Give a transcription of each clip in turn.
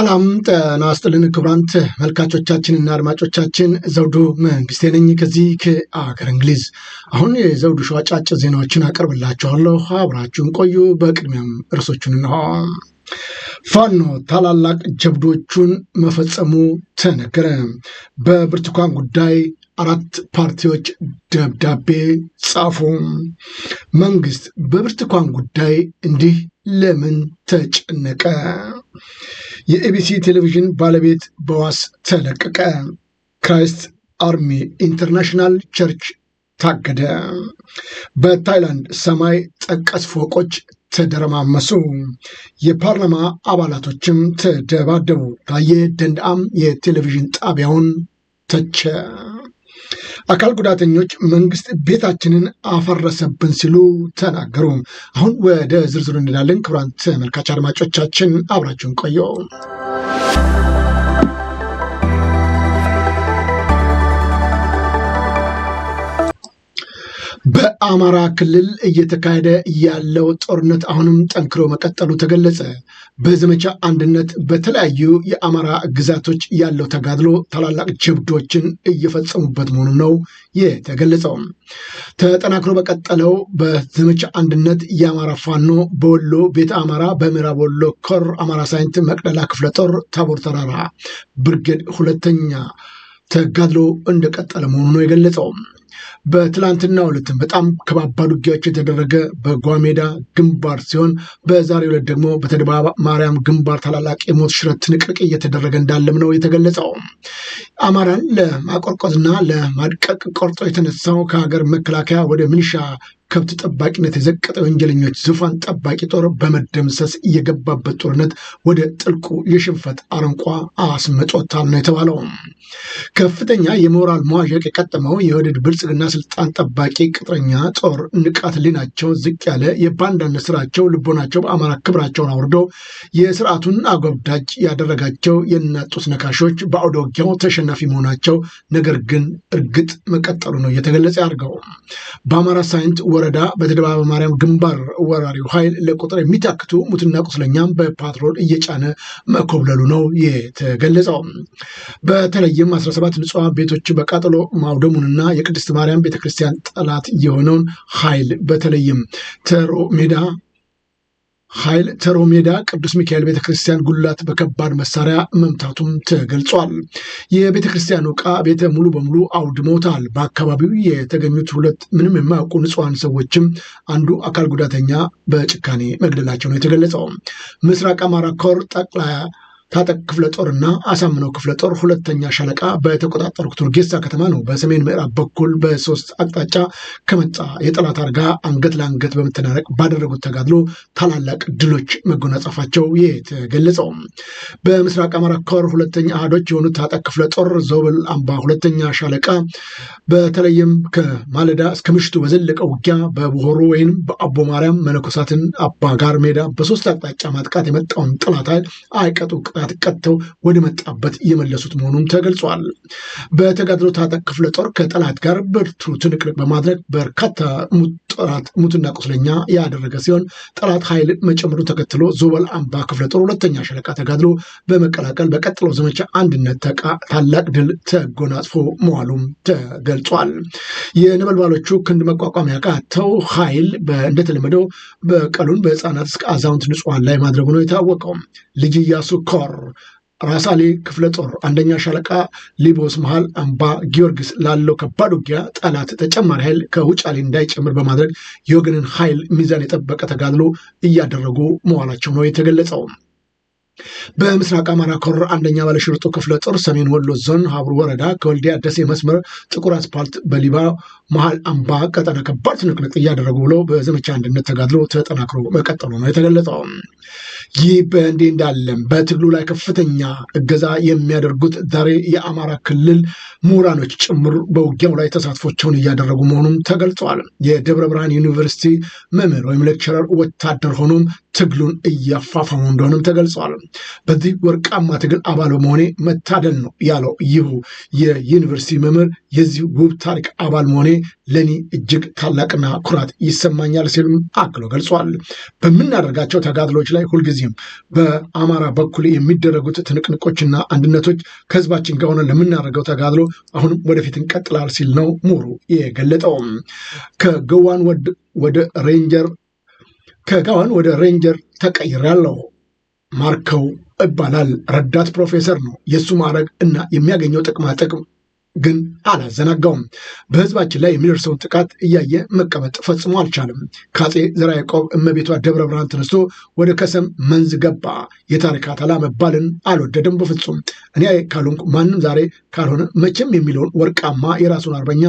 ሰላም ጤና ይስጥልን ክቡራን ተመልካቾቻችንና አድማጮቻችን ዘውዱ መንግስቴ ነኝ። ከዚህ ከአገር እንግሊዝ አሁን የዘውዱ ሾው አጫጭር ዜናዎችን አቀርብላችኋለሁ። አብራችሁን ቆዩ። በቅድሚያም እርሶቹን እንሆ። ፋኖ ታላላቅ ጀብዶቹን መፈጸሙ ተነገረ። በብርቱካን ጉዳይ አራት ፓርቲዎች ደብዳቤ ጻፉ። መንግስት በብርቱካን ጉዳይ እንዲህ ለምን ተጨነቀ? የኤቢሲ ቴሌቪዥን ባለቤት በዋስ ተለቀቀ። ክራይስት አርሚ ኢንተርናሽናል ቸርች ታገደ። በታይላንድ ሰማይ ጠቀስ ፎቆች ተደረማመሱ። የፓርላማ አባላቶችም ተደባደቡ። ታዬ ደንደአም የቴሌቪዥን ጣቢያውን ተቸ። አካል ጉዳተኞች መንግስት ቤታችንን አፈረሰብን ሲሉ ተናገሩ። አሁን ወደ ዝርዝሩ እንዳለን ክቡራን ተመልካች አድማጮቻችን አብራችሁን ቆየው። በአማራ ክልል እየተካሄደ ያለው ጦርነት አሁንም ጠንክሮ መቀጠሉ ተገለጸ። በዘመቻ አንድነት በተለያዩ የአማራ ግዛቶች ያለው ተጋድሎ ታላላቅ ጀብዶችን እየፈጸሙበት መሆኑ ነው የተገለጸው። ተጠናክሮ በቀጠለው በዘመቻ አንድነት የአማራ ፋኖ በወሎ ቤተ አማራ፣ በምዕራብ ወሎ ኮር አማራ ሳይንት መቅደላ ክፍለ ጦር ታቦር ተራራ ብርጌድ ሁለተኛ ተጋድሎ እንደቀጠለ መሆኑ ነው የገለጸው። በትላንትና ዕለትም በጣም ከባባድ ውጊያዎች የተደረገ በጓሜዳ ግንባር ሲሆን በዛሬው ዕለት ደግሞ በተድባ ማርያም ግንባር ታላላቅ የሞት ሽረት ትንቅንቅ እየተደረገ እንዳለም ነው የተገለጸው። አማራን ለማቆርቆዝና ለማድቀቅ ቆርጦ የተነሳው ከሀገር መከላከያ ወደ ሚኒሻ ከብት ጠባቂነት የዘቀጠ ወንጀለኞች ዙፋን ጠባቂ ጦር በመደምሰስ የገባበት ጦርነት ወደ ጥልቁ የሽንፈት አረንቋ አስመጦታል ነው የተባለው። ከፍተኛ የሞራል መዋዠቅ የቀጠመው የወደድ ብልጽግና ስልጣን ጠባቂ ቅጥረኛ ጦር ንቃት ሊናቸው ዝቅ ያለ የባንዳነት ስራቸው ልቦናቸው በአማራ ክብራቸውን አውርደው የስርዓቱን አጎብዳጅ ያደረጋቸው የናጡት ነካሾች በአውደ ውጊያው ተሸናፊ መሆናቸው ነገር ግን እርግጥ መቀጠሉ ነው እየተገለጸ ያድርገው በአማራ ሳይንት ወረዳ በተደባበ ማርያም ግንባር ወራሪው ኃይል ለቁጥር የሚታክቱ ሙትና ቁስለኛም በፓትሮል እየጫነ መኮብለሉ ነው የተገለጸው። በተለይም 17 ንጹሐን ቤቶች በቃጠሎ ማውደሙንና የቅድስት ማርያም ቤተክርስቲያን ጠላት የሆነውን ኃይል በተለይም ተሮ ሜዳ ኃይል ተሮ ሜዳ ቅዱስ ሚካኤል ቤተ ክርስቲያን ጉላት በከባድ መሳሪያ መምታቱም ተገልጿል። የቤተ ክርስቲያኑ ዕቃ ቤተ ሙሉ በሙሉ አውድሞታል። በአካባቢው የተገኙት ሁለት ምንም የማያውቁ ንጹሐን ሰዎችም አንዱ አካል ጉዳተኛ በጭካኔ መግደላቸው ነው የተገለጸው። ምስራቅ አማራ ኮር ጠቅላይ ታጠቅ ክፍለ ጦር እና አሳምነው ክፍለ ጦር ሁለተኛ ሻለቃ በተቆጣጠሩት ቱርጌሳ ከተማ ነው። በሰሜን ምዕራብ በኩል በሶስት አቅጣጫ ከመጣ የጠላት አርጋ አንገት ለአንገት በመተናረቅ ባደረጉት ተጋድሎ ታላላቅ ድሎች መጎናጸፋቸው የተገለጸው። በምስራቅ አማራ ኮር ሁለተኛ አህዶች የሆኑት ታጠቅ ክፍለ ጦር ዞብል አምባ ሁለተኛ ሻለቃ በተለይም ከማለዳ እስከ ምሽቱ በዘለቀ ውጊያ በቦሆሮ ወይም በአቦ ማርያም መነኮሳትን አባ ጋር ሜዳ በሶስት አቅጣጫ ማጥቃት የመጣውን ጠላት ኃይል አይቀጡ በቅጣት ቀጥተው ወደ መጣበት የመለሱት መሆኑም ተገልጿል። በተጋድሎ ታጠቅ ክፍለ ጦር ከጠላት ጋር ብርቱ ትንቅንቅ በማድረግ በርካታ ሙትና ቁስለኛ ያደረገ ሲሆን ጠላት ኃይል መጨመሩ ተከትሎ ዞበል አምባ ክፍለ ጦር ሁለተኛ ሸለቃ ተጋድሎ በመቀላቀል በቀጥለው ዘመቻ አንድነት ታላቅ ድል ተጎናጽፎ መዋሉም ተገልጿል። የነበልባሎቹ ክንድ መቋቋም ያቃተው ኃይል እንደተለመደው በቀሉን በህፃናት እስከ አዛውንት ንጹሐን ላይ ማድረጉ ነው የታወቀው። ልጅ እያሱ ኮር ጦር ራሳሌ ክፍለ ጦር አንደኛ ሻለቃ ሊቦስ መሃል አምባ ጊዮርጊስ ላለው ከባድ ውጊያ ጠላት ተጨማሪ ኃይል ከውጫሌ እንዳይጨምር በማድረግ የወገንን ኃይል ሚዛን የጠበቀ ተጋድሎ እያደረጉ መዋላቸው ነው የተገለጸው። በምስራቅ አማራ ኮር አንደኛ ባለሽርጡ ክፍለ ጦር ሰሜን ወሎ ዞን ሀብሩ ወረዳ ከወልዲያ ደሴ መስመር ጥቁር አስፓልት በሊባ መሀል አምባ ቀጠና ከባድ ትንቅንቅ እያደረጉ ብሎ በዘመቻ አንድነት ተጋድሎ ተጠናክሮ መቀጠሉ ነው የተገለጸው። ይህ በእንዲህ እንዳለም በትግሉ ላይ ከፍተኛ እገዛ የሚያደርጉት ዛሬ የአማራ ክልል ምሁራኖች ጭምር በውጊያው ላይ ተሳትፎቸውን እያደረጉ መሆኑም ተገልጿል። የደብረ ብርሃን ዩኒቨርሲቲ መምህር ወይም ሌክቸረር ወታደር ሆኖም ትግሉን እያፋፋሙ እንደሆነም ተገልጿል። በዚህ ወርቃማ ትግል አባል በመሆኔ መታደል ነው ያለው ይሁ የዩኒቨርሲቲ መምህር የዚህ ውብ ታሪክ አባል መሆኔ ለእኔ እጅግ ታላቅና ኩራት ይሰማኛል ሲሉም አክሎ ገልጿል። በምናደርጋቸው ተጋድሎች ላይ ሁልጊዜም በአማራ በኩል የሚደረጉት ትንቅንቆችና አንድነቶች ከህዝባችን ጋር ሆነን ለምናደርገው ተጋድሎ አሁንም ወደፊት እንቀጥላል ሲል ነው ምሁሩ የገለጠው። ከገዋን ወደ ሬንጀር ከጋዋን ወደ ሬንጀር ተቀይር ያለው ማርከው ይባላል። ረዳት ፕሮፌሰር ነው የእሱ ማዕረግ እና የሚያገኘው ጥቅማ ጥቅም ግን አላዘናጋውም። በህዝባችን ላይ የሚደርሰውን ጥቃት እያየ መቀመጥ ፈጽሞ አልቻለም። ከአፄ ዘርዓ ያዕቆብ እመቤቷ ደብረ ብርሃን ተነስቶ ወደ ከሰም መንዝ ገባ። የታሪክ አታላ መባልን አልወደደም በፍጹም። እኔ ካልሆንኩ ማንም ዛሬ ካልሆነ መቼም የሚለውን ወርቃማ የራሱን አርበኛ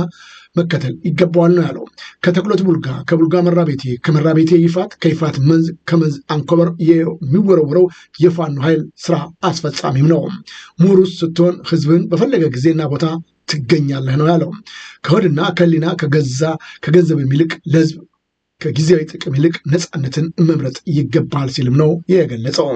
መከተል ይገባዋል ነው ያለው። ከተክሎት ቡልጋ፣ ከቡልጋ መራ ቤቴ፣ ከመራ ቤቴ ይፋት፣ ከይፋት መንዝ፣ ከመንዝ አንኮበር የሚወረወረው የፋኖ ኃይል ስራ አስፈጻሚም ነው። ምሁሩስ ስትሆን ህዝብን በፈለገ ጊዜና ቦታ ትገኛለህ ነው ያለው። ከሆድና ከሊና ከገዛ ከገንዘብ የሚልቅ ለህዝብ ከጊዜያዊ ጥቅም ይልቅ ነፃነትን መምረጥ ይገባል ሲልም ነው የገለጸው።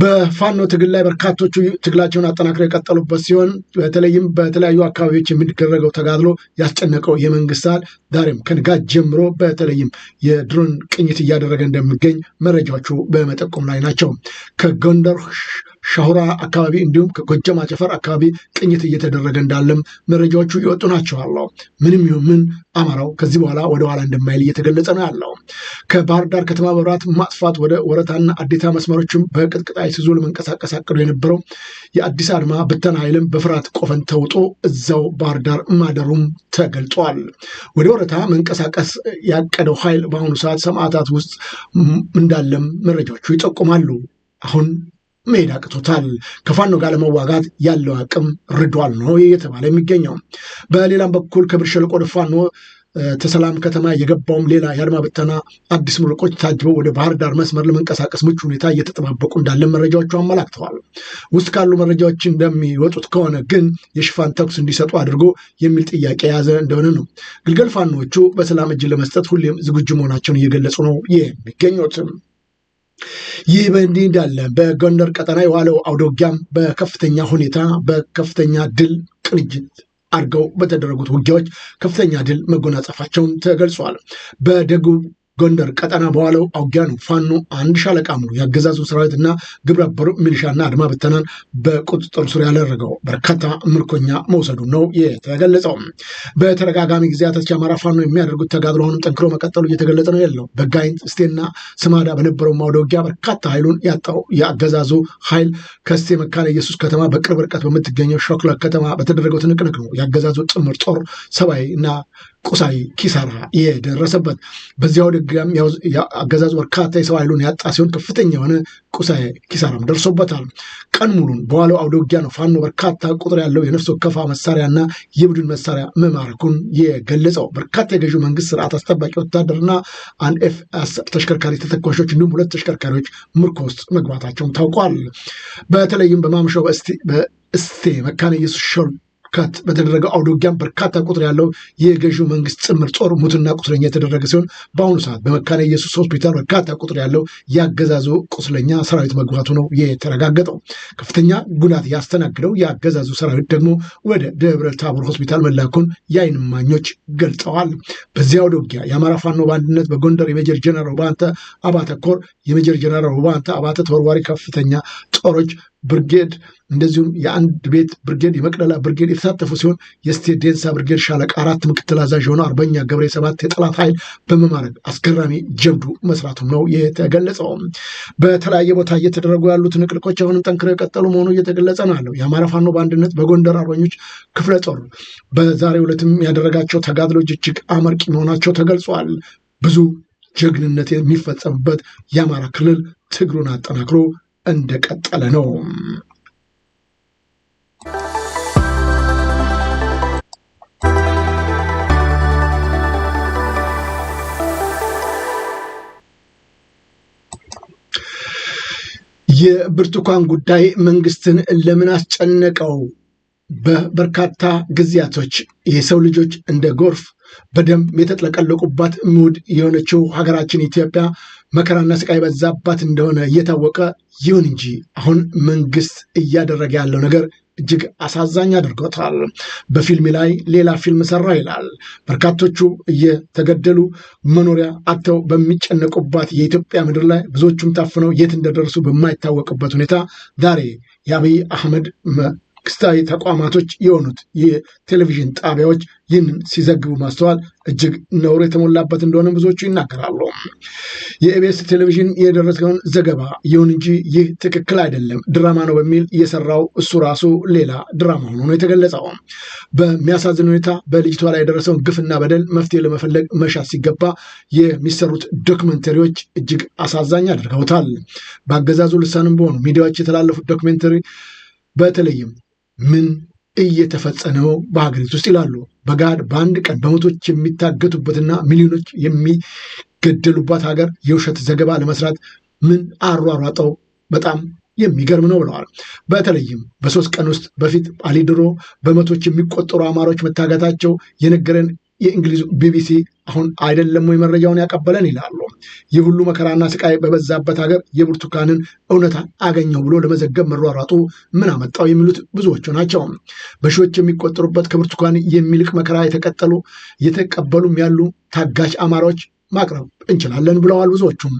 በፋኖ ትግል ላይ በርካቶቹ ትግላቸውን አጠናክረው የቀጠሉበት ሲሆን በተለይም በተለያዩ አካባቢዎች የሚደረገው ተጋድሎ ያስጨነቀው የመንግስት ል ዛሬም ከንጋት ጀምሮ በተለይም የድሮን ቅኝት እያደረገ እንደሚገኝ መረጃዎቹ በመጠቆም ላይ ናቸው። ከጎንደር ሻሁራ አካባቢ እንዲሁም ከጎጃም አጨፈር አካባቢ ቅኝት እየተደረገ እንዳለም መረጃዎቹ ይወጡ ናቸው አለው። ምንም ይሁን ምን አማራው ከዚህ በኋላ ወደ ኋላ እንደማይል እየተገለጸ ነው ያለው። ከባህር ዳር ከተማ መብራት ማጥፋት ወደ ወረታና አዴታ መስመሮችም በቅጥቅጣ ይዞ ለመንቀሳቀስ አቅዶ የነበረው የአዲስ አድማ ብተና ኃይልም በፍርሃት ቆፈን ተውጦ እዛው ባህር ዳር ማደሩም ተገልጧል። ወደ ወረታ መንቀሳቀስ ያቀደው ኃይል በአሁኑ ሰዓት ሰማዕታት ውስጥ እንዳለም መረጃዎቹ ይጠቁማሉ። አሁን መሄድ አቅቶታል። ከፋኖ ጋር ለመዋጋት ያለው አቅም ርዷል ነው እየተባለ የሚገኘው። በሌላም በኩል ከብር ሸለቆ ወደ ፋኖ ተሰላም ከተማ የገባውም ሌላ የአድማ ብተና አዲስ ምርቆች ታጅበው ወደ ባህር ዳር መስመር ለመንቀሳቀስ ምቹ ሁኔታ እየተጠባበቁ እንዳለ መረጃዎቹ አመላክተዋል። ውስጥ ካሉ መረጃዎች እንደሚወጡት ከሆነ ግን የሽፋን ተኩስ እንዲሰጡ አድርጎ የሚል ጥያቄ የያዘ እንደሆነ ነው። ግልገል ፋኖቹ በሰላም እጅ ለመስጠት ሁሌም ዝግጁ መሆናቸውን እየገለጹ ነው የሚገኙትም ይህ በእንዲህ እንዳለ በጎንደር ቀጠና የዋለው አውደውጊያም በከፍተኛ ሁኔታ በከፍተኛ ድል ቅንጅት አድርገው በተደረጉት ውጊያዎች ከፍተኛ ድል መጎናጸፋቸውን ተገልጿል። በደቡብ ጎንደር ቀጠና በዋለው አውጊያ ነው ፋኖ አንድ ሻለቃ ሙሉ የአገዛዙ ሰራዊትና ግብረ አበሩ ሚሊሻና አድማ ብተናን በቁጥጥር ስር ያደረገው በርካታ ምርኮኛ መውሰዱ ነው የተገለጸው። በተደጋጋሚ ጊዜያት አማራ ፋኖ የሚያደርጉት ተጋድሎ አሁንም ጠንክሮ መቀጠሉ እየተገለጸ ነው ያለው። በጋይንት ስቴና ስማዳ በነበረው ማውደ ውጊያ በርካታ ኃይሉን ያጣው የአገዛዙ ኃይል ከስቴ መካነ ኢየሱስ ከተማ በቅርብ ርቀት በምትገኘው ሾክላ ከተማ በተደረገው ትንቅንቅ ነው የአገዛዙ ጥምር ጦር ሰብአዊ እና ቁሳዊ ኪሳራ የደረሰበት በዚያው ድጋም አገዛዝ በርካታ የሰው ኃይሉን ያጣ ሲሆን ከፍተኛ የሆነ ቁሳዊ ኪሳራም ደርሶበታል። ቀን ሙሉን በዋለው አውደ ውጊያ ነው ፋኖ በርካታ ቁጥር ያለው የነፍስ ወከፋ መሳሪያና የቡድን መሳሪያ መማረኩን የገለጸው። በርካታ የገዢው መንግስት ስርዓት አስጠባቂ ወታደርና አንድ ኤፍ አስር ተሽከርካሪ ተተኳሾች እንዲሁም ሁለት ተሽከርካሪዎች ምርኮ ውስጥ መግባታቸውም ታውቋል። በተለይም በማምሻው በእስቴ መካነ ኢየሱስ ካት በተደረገው አውደ ውጊያም በርካታ ቁጥር ያለው የገዢው መንግስት ጽምር ጦር ሙትና ቁስለኛ የተደረገ ሲሆን በአሁኑ ሰዓት በመካነ ኢየሱስ ሆስፒታል በርካታ ቁጥር ያለው የአገዛዙ ቁስለኛ ሰራዊት መግባቱ ነው የተረጋገጠው። ከፍተኛ ጉዳት ያስተናግደው የአገዛዙ ሰራዊት ደግሞ ወደ ደብረ ታቦር ሆስፒታል መላኩን የአይን እማኞች ገልጸዋል። በዚያ አውደ ውጊያ የአማራ ፋኖ በአንድነት በጎንደር የሜጀር ጀነራል ባንተ አባተ ኮር የሜጀር ጀነራል ባንተ አባተ ተወርዋሪ ከፍተኛ ጦሮች ብርጌድ እንደዚሁም የአንድ ቤት ብርጌድ፣ የመቅደላ ብርጌድ የተሳተፉ ሲሆን የስቴ ዴንሳ ብርጌድ ሻለቃ አራት ምክትል አዛዥ የሆነው አርበኛ ገብረ ሰባት የጠላት ኃይል በመማረግ አስገራሚ ጀብዱ መስራቱም ነው የተገለጸው። በተለያየ ቦታ እየተደረጉ ያሉት ንቅልቆች አሁንም ጠንክረው የቀጠሉ መሆኑ እየተገለጸ ነው ያለው። የአማራ ፋኖ በአንድነት በጎንደር አርበኞች ክፍለ ጦር በዛሬው ዕለትም ያደረጋቸው ተጋድሎች እጅግ አመርቂ መሆናቸው ተገልጿል። ብዙ ጀግንነት የሚፈጸምበት የአማራ ክልል ትግሩን አጠናክሮ እንደቀጠለ ነው። የብርቱካን ጉዳይ መንግስትን ለምን አስጨነቀው? በበርካታ ጊዜያቶች የሰው ልጆች እንደ ጎርፍ በደም የተጥለቀለቁባት ሙድ የሆነችው ሀገራችን ኢትዮጵያ መከራና ስቃይ በዛባት እንደሆነ እየታወቀ ይሁን እንጂ አሁን መንግስት እያደረገ ያለው ነገር እጅግ አሳዛኝ አድርጎታል። በፊልሜ ላይ ሌላ ፊልም ሰራ ይላል። በርካቶቹ እየተገደሉ መኖሪያ አጥተው በሚጨነቁባት የኢትዮጵያ ምድር ላይ ብዙዎቹም ታፍነው የት እንደደረሱ በማይታወቅበት ሁኔታ ዛሬ የአብይ አህመድ መንግስታዊ ተቋማቶች የሆኑት የቴሌቪዥን ጣቢያዎች ይህንን ሲዘግቡ ማስተዋል እጅግ ነውር የተሞላበት እንደሆነ ብዙዎቹ ይናገራሉ። የኢቢኤስ ቴሌቪዥን የደረሰውን ዘገባ ይሁን እንጂ ይህ ትክክል አይደለም ድራማ ነው በሚል የሰራው እሱ ራሱ ሌላ ድራማ ሆኖ ነው የተገለጸው። በሚያሳዝን ሁኔታ በልጅቷ ላይ የደረሰውን ግፍና በደል መፍትሄ ለመፈለግ መሻት ሲገባ የሚሰሩት ዶክመንተሪዎች እጅግ አሳዛኝ አድርገውታል። በአገዛዙ ልሳንም በሆኑ ሚዲያዎች የተላለፉት ዶክመንተሪ በተለይም ምን እየተፈጸመው በሀገሪቱ ውስጥ ይላሉ። በጋድ በአንድ ቀን በመቶች የሚታገቱበትና ሚሊዮኖች የሚገደሉባት ሀገር የውሸት ዘገባ ለመስራት ምን አሯሯጠው? በጣም የሚገርም ነው ብለዋል። በተለይም በሶስት ቀን ውስጥ በፊት አሊድሮ በመቶች የሚቆጠሩ አማሮች መታገታቸው የነገረን የእንግሊዝ ቢቢሲ አሁን አይደለም ወይ መረጃውን ያቀበለን ይላሉ። ይህ ሁሉ መከራና ስቃይ በበዛበት ሀገር የብርቱካንን እውነታ አገኘው ብሎ ለመዘገብ መሯሯጡ ምን አመጣው የሚሉት ብዙዎቹ ናቸው። በሺዎች የሚቆጠሩበት ከብርቱካን የሚልቅ መከራ የተቀጠሉ የተቀበሉም ያሉ ታጋሽ አማራዎች ማቅረብ እንችላለን ብለዋል። ብዙዎቹም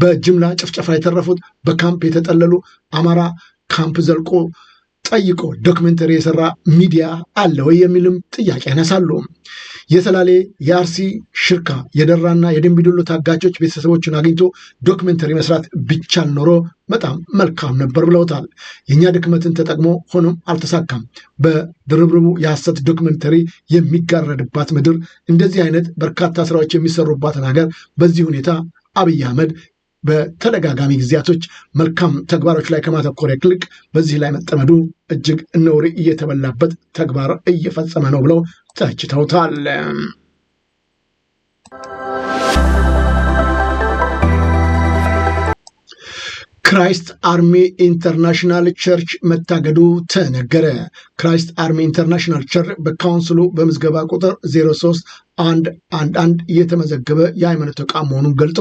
በጅምላ ጭፍጨፋ የተረፉት በካምፕ የተጠለሉ አማራ ካምፕ ዘልቆ ጠይቆ ዶክመንተሪ የሰራ ሚዲያ አለ ወይ የሚልም ጥያቄ ያነሳሉ። የሰላሌ የአርሲ ሽርካ የደራና የደንቢዶሎ ታጋቾች ቤተሰቦችን አግኝቶ ዶክመንተሪ መስራት ቢቻል ኖሮ በጣም መልካም ነበር ብለውታል። የእኛ ድክመትን ተጠቅሞ ሆኖም አልተሳካም። በድርብርቡ የሐሰት ዶክመንተሪ የሚጋረድባት ምድር፣ እንደዚህ አይነት በርካታ ስራዎች የሚሰሩባትን ሀገር በዚህ ሁኔታ አብይ አህመድ በተደጋጋሚ ጊዜያቶች መልካም ተግባሮች ላይ ከማተኮር ይልቅ በዚህ ላይ መጠመዱ እጅግ ነውር እየተበላበት ተግባር እየፈጸመ ነው ብለው ተችተውታል። ክራይስት አርሚ ኢንተርናሽናል ቸርች መታገዱ ተነገረ። ክራይስት አርሚ ኢንተርናሽናል ቸርች በካውንስሉ በምዝገባ ቁጥር 03 አንድ አንድ አንድ እየተመዘገበ የሃይማኖት ተቋም መሆኑን ገልጾ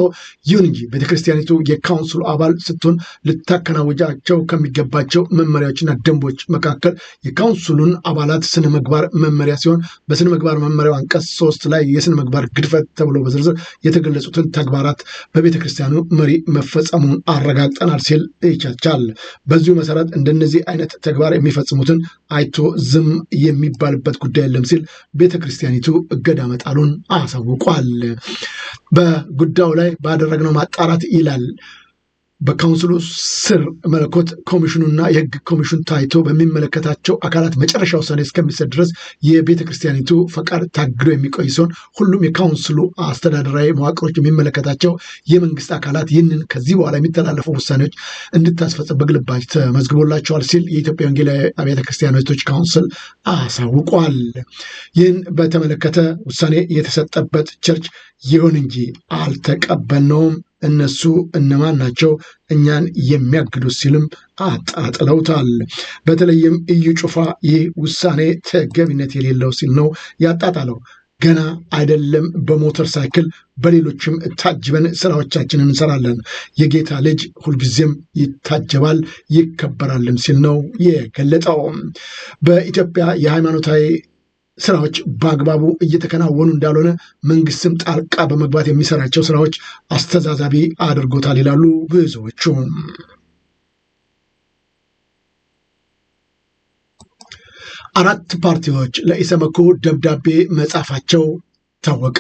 ይሁን እንጂ ቤተክርስቲያኒቱ የካውንስሉ አባል ስትሆን ልታከናውጃቸው ከሚገባቸው መመሪያዎችና ደንቦች መካከል የካውንስሉን አባላት ስነ ምግባር መመሪያ ሲሆን በስነ ምግባር መመሪያው አንቀጽ ሶስት ላይ የስነ ምግባር ግድፈት ተብሎ በዝርዝር የተገለጹትን ተግባራት በቤተክርስቲያኑ መሪ መፈጸሙን አረጋግጠናል ሲል ይቻቻል። በዚሁ መሰረት እንደነዚህ አይነት ተግባር የሚፈጽሙትን አይቶ ዝም የሚባልበት ጉዳይ የለም ሲል ቤተ ክርስቲያኒቱ እገዳ መጣሉን አሳውቋል። በጉዳዩ ላይ ባደረግነው ማጣራት ይላል በካውንስሉ ስር መለኮት ኮሚሽኑና የህግ ኮሚሽን ታይቶ በሚመለከታቸው አካላት መጨረሻ ውሳኔ እስከሚሰጥ ድረስ የቤተ ክርስቲያኒቱ ፈቃድ ታግዶ የሚቆይ ሲሆን ሁሉም የካውንስሉ አስተዳደራዊ መዋቅሮች የሚመለከታቸው የመንግስት አካላት ይህንን ከዚህ በኋላ የሚተላለፉ ውሳኔዎች እንድታስፈጽም በግልባጭ ተመዝግቦላቸዋል ሲል የኢትዮጵያ ወንጌላዊ አብያተ ክርስቲያኖች ካውንስል አሳውቋል። ይህን በተመለከተ ውሳኔ የተሰጠበት ቸርች ይሁን እንጂ አልተቀበልነውም እነሱ እነማን ናቸው እኛን የሚያግዱት ሲልም አጣጥለውታል። በተለይም እዩ ጩፋ ይህ ውሳኔ ተገቢነት የሌለው ሲል ነው ያጣጣለው። ገና አይደለም በሞተር ሳይክል በሌሎችም ታጅበን ስራዎቻችንን እንሰራለን። የጌታ ልጅ ሁልጊዜም ይታጀባል ይከበራልም ሲል ነው የገለጠው። በኢትዮጵያ የሃይማኖታዊ ስራዎች በአግባቡ እየተከናወኑ እንዳልሆነ መንግስትም ጣልቃ በመግባት የሚሰራቸው ስራዎች አስተዛዛቢ አድርጎታል ይላሉ ብዙዎቹ። አራት ፓርቲዎች ለኢሰመኮ ደብዳቤ መጻፋቸው ታወቀ።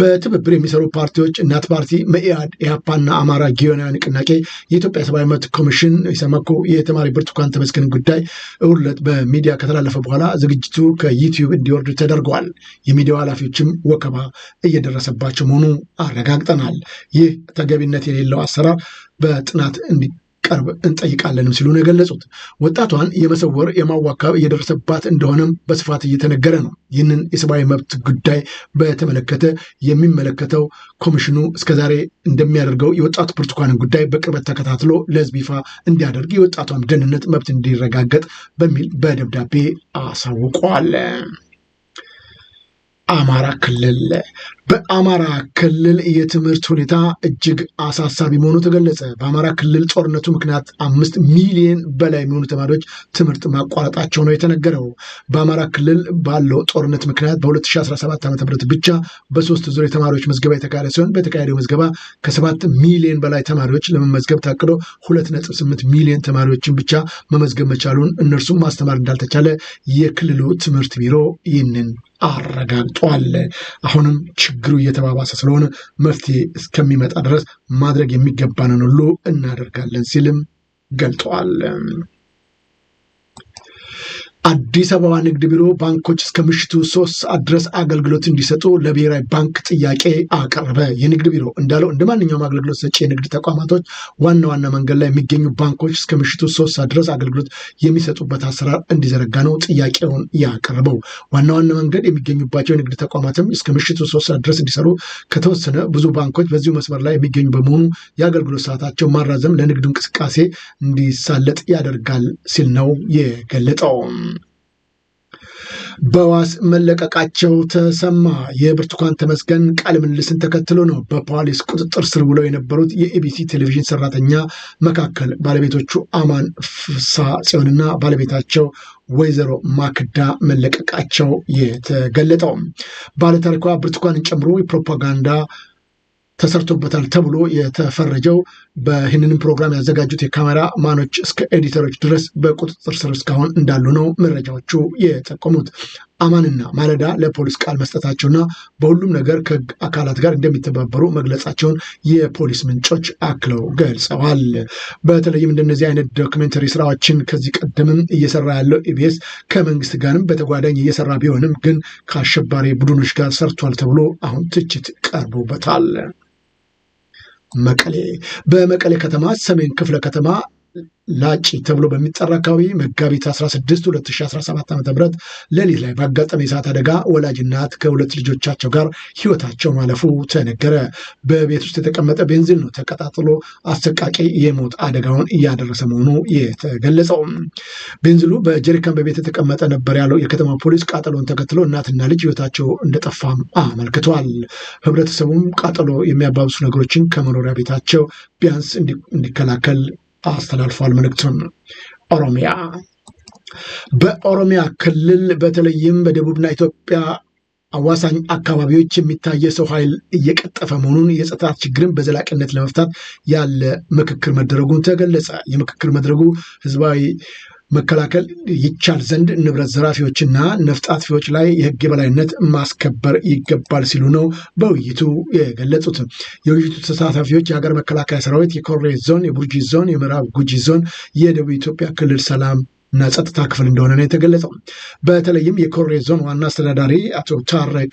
በትብብር የሚሰሩ ፓርቲዎች እናት ፓርቲ፣ መኢአድ፣ ኢያፓና አማራ ጊዮና ንቅናቄ የኢትዮጵያ ሰብአዊ መብት ኮሚሽን ኢሰመኮ የተማሪ ብርቱካን ተመስገን ጉዳይ እሁድ ዕለት በሚዲያ ከተላለፈ በኋላ ዝግጅቱ ከዩትዩብ እንዲወርድ ተደርገዋል። የሚዲያው ኃላፊዎችም ወከባ እየደረሰባቸው መሆኑ አረጋግጠናል። ይህ ተገቢነት የሌለው አሰራር በጥናት እንዲ ቀርብ እንጠይቃለንም ሲሉ ነው የገለጹት። ወጣቷን የመሰወር የማዋከብ እየደረሰባት እንደሆነም በስፋት እየተነገረ ነው። ይህንን የሰብአዊ መብት ጉዳይ በተመለከተ የሚመለከተው ኮሚሽኑ እስከዛሬ እንደሚያደርገው የወጣቱ ብርቱካንን ጉዳይ በቅርበት ተከታትሎ ለህዝብ ይፋ እንዲያደርግ የወጣቷም ደህንነት መብት እንዲረጋገጥ በሚል በደብዳቤ አሳውቋል። አማራ ክልል በአማራ ክልል የትምህርት ሁኔታ እጅግ አሳሳቢ መሆኑ ተገለጸ። በአማራ ክልል ጦርነቱ ምክንያት አምስት ሚሊዮን በላይ የሚሆኑ ተማሪዎች ትምህርት ማቋረጣቸው ነው የተነገረው። በአማራ ክልል ባለው ጦርነት ምክንያት በ2017 ዓ ም ብቻ በሶስት ዙር የተማሪዎች መዝገባ የተካሄደ ሲሆን በተካሄደው መዝገባ ከሰባት ሚሊዮን በላይ ተማሪዎች ለመመዝገብ ታቅዶ 2.8 ሚሊዮን ተማሪዎችን ብቻ መመዝገብ መቻሉን እነርሱም ማስተማር እንዳልተቻለ የክልሉ ትምህርት ቢሮ ይህንን አረጋግጧል። አሁንም ችግሩ እየተባባሰ ስለሆነ መፍትሄ እስከሚመጣ ድረስ ማድረግ የሚገባንን ሁሉ እናደርጋለን ሲልም ገልጠዋል። አዲስ አበባ ንግድ ቢሮ ባንኮች እስከ ምሽቱ ሶስት ሰዓት ድረስ አገልግሎት እንዲሰጡ ለብሔራዊ ባንክ ጥያቄ አቀረበ። የንግድ ቢሮ እንዳለው እንደ ማንኛውም አገልግሎት ሰጪ የንግድ ተቋማቶች ዋና ዋና መንገድ ላይ የሚገኙ ባንኮች እስከ ምሽቱ ሶስት ሰዓት ድረስ አገልግሎት የሚሰጡበት አሰራር እንዲዘረጋ ነው ጥያቄውን ያቀረበው። ዋና ዋና መንገድ የሚገኙባቸው የንግድ ተቋማትም እስከ ምሽቱ ሶስት ሰዓት ድረስ እንዲሰሩ ከተወሰነ ብዙ ባንኮች በዚሁ መስመር ላይ የሚገኙ በመሆኑ የአገልግሎት ሰዓታቸው ማራዘም ለንግዱ እንቅስቃሴ እንዲሳለጥ ያደርጋል ሲል ነው የገለጠው። በዋስ መለቀቃቸው ተሰማ። የብርቱካን ተመስገን ቃለ ምልልስን ተከትሎ ነው በፖሊስ ቁጥጥር ስር ውለው የነበሩት የኢቢሲ ቴሌቪዥን ሰራተኛ መካከል ባለቤቶቹ አማን ፍሳ ጽዮንና ባለቤታቸው ወይዘሮ ማክዳ መለቀቃቸው የተገለጠው። ባለታሪኳ ብርቱካንን ጨምሮ የፕሮፓጋንዳ ተሰርቶበታል ተብሎ የተፈረጀው በይህንንም ፕሮግራም ያዘጋጁት የካሜራ ማኖች እስከ ኤዲተሮች ድረስ በቁጥጥር ስር እስካሁን እንዳሉ ነው መረጃዎቹ የጠቆሙት። አማንና ማለዳ ለፖሊስ ቃል መስጠታቸውና በሁሉም ነገር ከህግ አካላት ጋር እንደሚተባበሩ መግለጻቸውን የፖሊስ ምንጮች አክለው ገልጸዋል። በተለይም እንደነዚህ አይነት ዶክሜንተሪ ስራዎችን ከዚህ ቀደምም እየሰራ ያለው ኢቢኤስ ከመንግስት ጋርም በተጓዳኝ እየሰራ ቢሆንም ግን ከአሸባሪ ቡድኖች ጋር ሰርቷል ተብሎ አሁን ትችት ቀርቦበታል። መቀሌ በመቀሌ ከተማ ሰሜን ክፍለ ከተማ ላጪ ተብሎ በሚጠራ አካባቢ መጋቢት 16 2017 ዓ ም ሌሊት ላይ ባጋጠመ የእሳት አደጋ ወላጅ እናት ከሁለት ልጆቻቸው ጋር ህይወታቸው ማለፉ ተነገረ። በቤት ውስጥ የተቀመጠ ቤንዚን ነው ተቀጣጥሎ አሰቃቂ የሞት አደጋውን እያደረሰ መሆኑ የተገለጸው። ቤንዚሉ በጀሪካን በቤት የተቀመጠ ነበር ያለው የከተማ ፖሊስ ቃጠሎን ተከትሎ እናትና ልጅ ህይወታቸው እንደጠፋም አመልክቷል። ህብረተሰቡም ቃጠሎ የሚያባብሱ ነገሮችን ከመኖሪያ ቤታቸው ቢያንስ እንዲከላከል አስተላልፏል መልእክቱን። ኦሮሚያ በኦሮሚያ ክልል በተለይም በደቡብና ኢትዮጵያ አዋሳኝ አካባቢዎች የሚታየ ሰው ኃይል እየቀጠፈ መሆኑን የጸጥታ ችግርን በዘላቂነት ለመፍታት ያለ ምክክር መደረጉን ተገለጸ። የምክክር መድረጉ ህዝባዊ መከላከል ይቻል ዘንድ ንብረት ዘራፊዎችና ነፍጥ አጥፊዎች ላይ የህግ የበላይነት ማስከበር ይገባል ሲሉ ነው በውይይቱ የገለጹት። የውይይቱ ተሳታፊዎች የሀገር መከላከያ ሰራዊት፣ የኮሬ ዞን፣ የቡርጂ ዞን፣ የምዕራብ ጉጂ ዞን፣ የደቡብ ኢትዮጵያ ክልል ሰላም እና ጸጥታ ክፍል እንደሆነ ነው የተገለጸው። በተለይም የኮሬ ዞን ዋና አስተዳዳሪ አቶ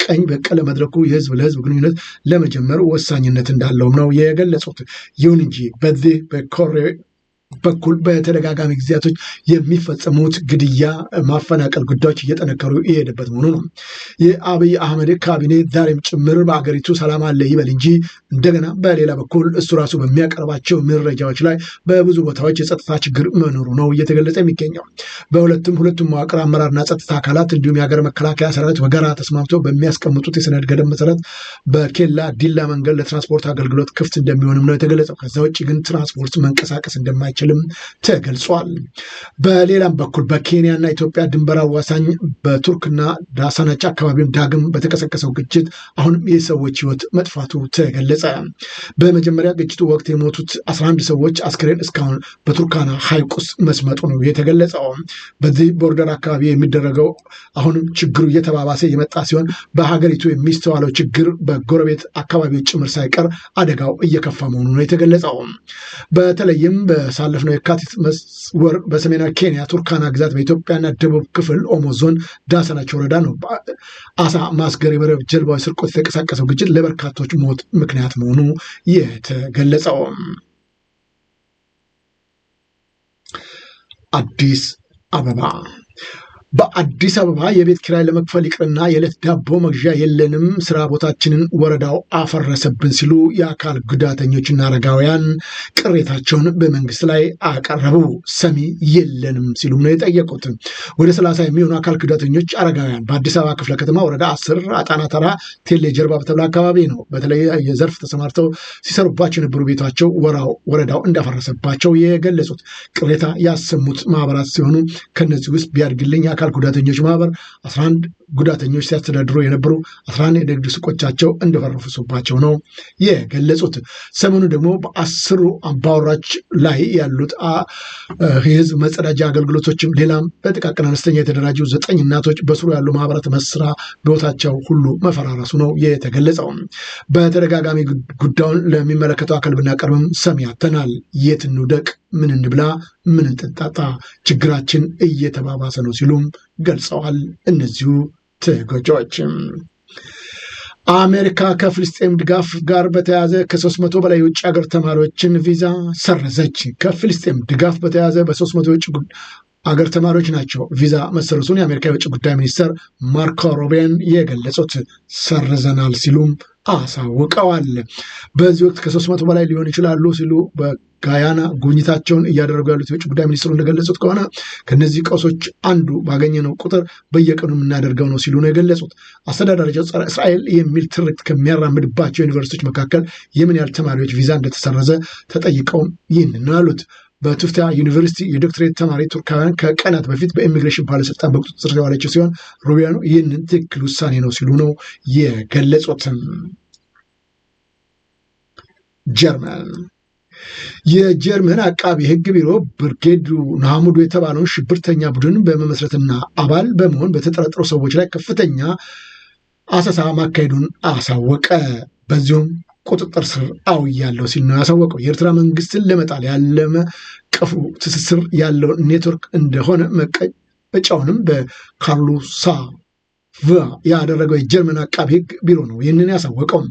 ቀኝ በቀለ መድረኩ የህዝብ ለህዝብ ግንኙነት ለመጀመር ወሳኝነት እንዳለውም ነው የገለጹት። ይሁን እንጂ በዚህ በኮሬ በኩል በተደጋጋሚ ጊዜያቶች የሚፈጸሙት ግድያ፣ ማፈናቀል ጉዳዮች እየጠነከሩ የሄደበት መሆኑ ነው። የአብይ አህመድ ካቢኔ ዛሬም ጭምር በአገሪቱ ሰላም አለ ይበል እንጂ እንደገና በሌላ በኩል እሱ ራሱ በሚያቀርባቸው መረጃዎች ላይ በብዙ ቦታዎች የጸጥታ ችግር መኖሩ ነው እየተገለጸ የሚገኘው። በሁለቱም ሁለቱም መዋቅር አመራርና ጸጥታ አካላት እንዲሁም የሀገር መከላከያ ሰራዊት በጋራ ተስማምቶ በሚያስቀምጡት የሰነድ ገደብ መሰረት በኬላ ዲላ መንገድ ለትራንስፖርት አገልግሎት ክፍት እንደሚሆንም ነው የተገለጸው። ከዛ ውጭ ግን ትራንስፖርት መንቀሳቀስ እንደማይችል እንደሚችልም ተገልጿል። በሌላም በኩል በኬንያና ኢትዮጵያ ድንበር አዋሳኝ በቱርክና ዳሳናጫ አካባቢም ዳግም በተቀሰቀሰው ግጭት አሁንም የሰዎች ህይወት መጥፋቱ ተገለጸ። በመጀመሪያ ግጭቱ ወቅት የሞቱት 11 ሰዎች አስክሬን እስካሁን በቱርካና ሐይቅ ውስጥ መስመጡ ነው የተገለጸው። በዚህ ቦርደር አካባቢ የሚደረገው አሁንም ችግሩ እየተባባሰ የመጣ ሲሆን በሀገሪቱ የሚስተዋለው ችግር በጎረቤት አካባቢዎች ጭምር ሳይቀር አደጋው እየከፋ መሆኑ ነው የተገለጸው። በተለይም በሳ ነው። የካቲት ወር በሰሜና ኬንያ ቱርካና ግዛት በኢትዮጵያና ደቡብ ክፍል ኦሞ ዞን ዳሰናች ወረዳ ነው አሳ ማስገር የመረብ ጀልባዊ ስርቆት የተቀሳቀሰው ግጭት ለበርካቶች ሞት ምክንያት መሆኑ የተገለጸው። አዲስ አበባ በአዲስ አበባ የቤት ኪራይ ለመክፈል ይቅርና የዕለት ዳቦ መግዣ የለንም፣ ስራ ቦታችንን ወረዳው አፈረሰብን ሲሉ የአካል ጉዳተኞችና አረጋውያን ቅሬታቸውን በመንግስት ላይ አቀረቡ። ሰሚ የለንም ሲሉም ነው የጠየቁት። ወደ ሰላሳ የሚሆኑ አካል ጉዳተኞች አረጋውያን በአዲስ አበባ ክፍለ ከተማ ወረዳ አስር አጣና ተራ ቴሌ ጀርባ በተብለ አካባቢ ነው በተለይ የዘርፍ ተሰማርተው ሲሰሩባቸው የነበሩ ቤታቸው ወረዳው እንዳፈረሰባቸው የገለጹት ቅሬታ ያሰሙት ማህበራት ሲሆኑ ከነዚህ ውስጥ ቢያድግልኝ የአካል ጉዳተኞች ማህበር 11 ጉዳተኞች ሲያስተዳድሩ የነበሩ አስራ አንድ የንግድ ሱቆቻቸው እንደፈረሱባቸው ነው የገለጹት። ሰሞኑ ደግሞ በአስሩ አባወራች ላይ ያሉት የህዝብ መጸዳጃ አገልግሎቶችም ሌላም በጥቃቅን አነስተኛ የተደራጁ ዘጠኝ እናቶች በስሩ ያሉ ማህበራት መስራ ቦታቸው ሁሉ መፈራረሱ ነው የተገለጸው። በተደጋጋሚ ጉዳዩን ለሚመለከተው አካል ብናቀርብም ሰሚ ያተናል። የት እንውደቅ? ምን እንብላ? ምን እንጠጣጣ? ችግራችን እየተባባሰ ነው ሲሉም ገልጸዋል። እነዚሁ ተጎጂዎችም አሜሪካ ከፍልስጤም ድጋፍ ጋር በተያያዘ ከሶስት መቶ በላይ የውጭ ሀገር ተማሪዎችን ቪዛ ሰረዘች። ከፍልስጤም ድጋፍ በተያያዘ በሶስት መቶ የውጭ አገር ተማሪዎች ናቸው ቪዛ መሰረሱን የአሜሪካ የውጭ ጉዳይ ሚኒስትር ማርኮ ሮቢያን የገለጹት ሰርዘናል ሲሉም አሳውቀዋል። በዚህ ወቅት ከሶስት መቶ በላይ ሊሆን ይችላሉ ሲሉ ጋያና ጉብኝታቸውን እያደረጉ ያሉት የውጭ ጉዳይ ሚኒስትሩ እንደገለጹት ከሆነ ከነዚህ ቀውሶች አንዱ ባገኘነው ቁጥር በየቀኑ የምናደርገው ነው ሲሉ ነው የገለጹት። አስተዳዳሪቸው ጸረ እስራኤል የሚል ትርክት ከሚያራምድባቸው ዩኒቨርሲቲዎች መካከል የምን ያህል ተማሪዎች ቪዛ እንደተሰረዘ ተጠይቀውም ይህንን አሉት። በቱፍታ ዩኒቨርሲቲ የዶክትሬት ተማሪ ቱርካውያን ከቀናት በፊት በኢሚግሬሽን ባለስልጣን በቁጥጥር የዋለችው ሲሆን ሩቢያኑ ይህንን ትክክል ውሳኔ ነው ሲሉ ነው የገለጹትም። ጀርመን የጀርመን አቃቢ ህግ ቢሮ ብርጌዱ ናሙዱ የተባለውን ሽብርተኛ ቡድን በመመስረትና አባል በመሆን በተጠረጠሩ ሰዎች ላይ ከፍተኛ አሰሳ ማካሄዱን አሳወቀ። በዚሁም ቁጥጥር ስር አውያለሁ ሲል ነው ያሳወቀው። የኤርትራ መንግስትን ለመጣል ያለመ ቅፉ ትስስር ያለው ኔትወርክ እንደሆነ መቀጫውንም በካርሉሳ ያደረገው የጀርመን አቃቢ ህግ ቢሮ ነው ይህንን ያሳወቀው።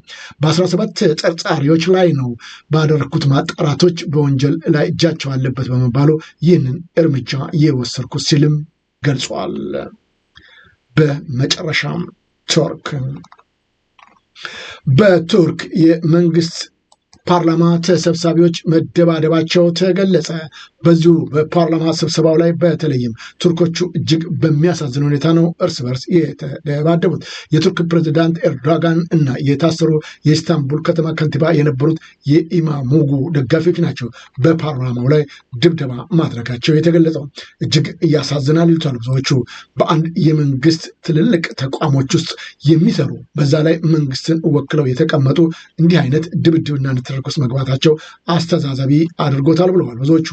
በ17 ተጠርጣሪዎች ላይ ነው ባደረግኩት ማጣራቶች በወንጀል ላይ እጃቸው አለበት በመባሉ ይህንን እርምጃ የወሰድኩት ሲልም ገልጿል። በመጨረሻም ቱርክ በቱርክ የመንግስት ፓርላማ ተሰብሳቢዎች መደባደባቸው ተገለጸ። በዚሁ በፓርላማ ስብሰባው ላይ በተለይም ቱርኮቹ እጅግ በሚያሳዝን ሁኔታ ነው እርስ በርስ የተደባደቡት። የቱርክ ፕሬዚዳንት ኤርዶጋን እና የታሰሩ የኢስታንቡል ከተማ ከንቲባ የነበሩት የኢማሙጉ ደጋፊዎች ናቸው በፓርላማው ላይ ድብደባ ማድረጋቸው የተገለጸው። እጅግ እያሳዝናል ይሉታሉ ብዙዎቹ። በአንድ የመንግስት ትልልቅ ተቋሞች ውስጥ የሚሰሩ በዛ ላይ መንግስትን ወክለው የተቀመጡ እንዲህ አይነት ድብድብና ንትርክ ውስጥ መግባታቸው አስተዛዛቢ አድርጎታል ብለዋል ብዙዎቹ።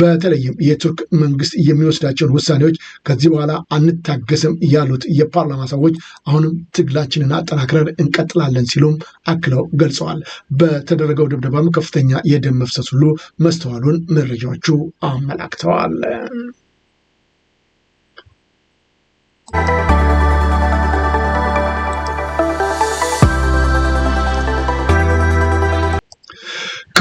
በተለይም የቱርክ መንግስት የሚወስዳቸውን ውሳኔዎች ከዚህ በኋላ አንታገስም ያሉት የፓርላማ ሰዎች አሁንም ትግላችንን አጠናክረን እንቀጥላለን ሲሉም አክለው ገልጸዋል። በተደረገው ድብደባም ከፍተኛ የደም መፍሰስ ሁሉ መስተዋሉን መረጃዎቹ አመላክተዋል።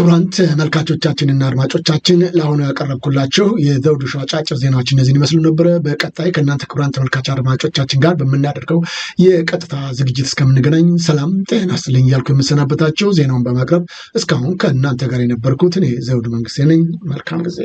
ክቡራን ተመልካቾቻችንና አድማጮቻችን ለአሁኑ ያቀረብኩላችሁ የዘውዱ ሾው አጫጭር ዜናዎች እነዚህን ይመስሉ ነበረ። በቀጣይ ከእናንተ ክቡራን ተመልካች አድማጮቻችን ጋር በምናደርገው የቀጥታ ዝግጅት እስከምንገናኝ ሰላም ጤና ይስጥልኝ እያልኩ የምሰናበታችሁ ዜናውን በማቅረብ እስካሁን ከእናንተ ጋር የነበርኩት እኔ ዘውዱ መንግስቴ ነኝ። መልካም ጊዜ